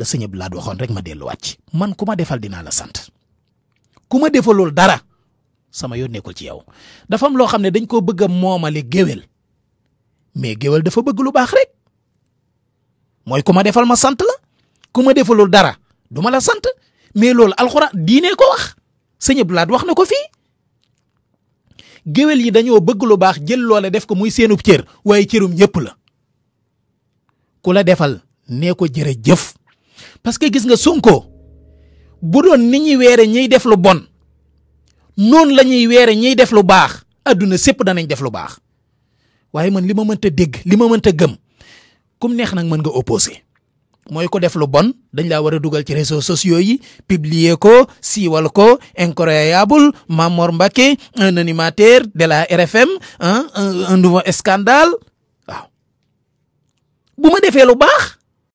la sëñ Abdou waxoon rek ma delluwaat ci man ku ma defal dinaa la sant ku ma defalul dara sama yoon nekkul ci yow dafa am loo xam ne dañ koo bëgg a moomale géwél mais géwél dafa bëgg lu baax rek mooy ku ma defal ma sant la ku ma defalul dara duma la sant mais loolu alxuraan diine ko wax sëñ Abdou wax na ko fii géwél yi dañoo bëgg lu baax jël loole def ko muy seenub cër waaye cërum ñëpp la ku la defal nee ko jërëjëf parce que gis nga Sonko bu doon ni ñuy weere ñiy def lu bon noon la ñuy weere ñiy def lu baax adduna sépp danañ def lu baax waaye man li ma mënta dégg li ma mënta gëm kum neex nag mën nga opposé mooy ko def lu bon dañ laa war a dugal ci réseau sociaux yi publier ko siiwal ko incroyable Mamor Mbacke un animateur de la RFM un un nouveau scandale waaw bu ma defee lu baax.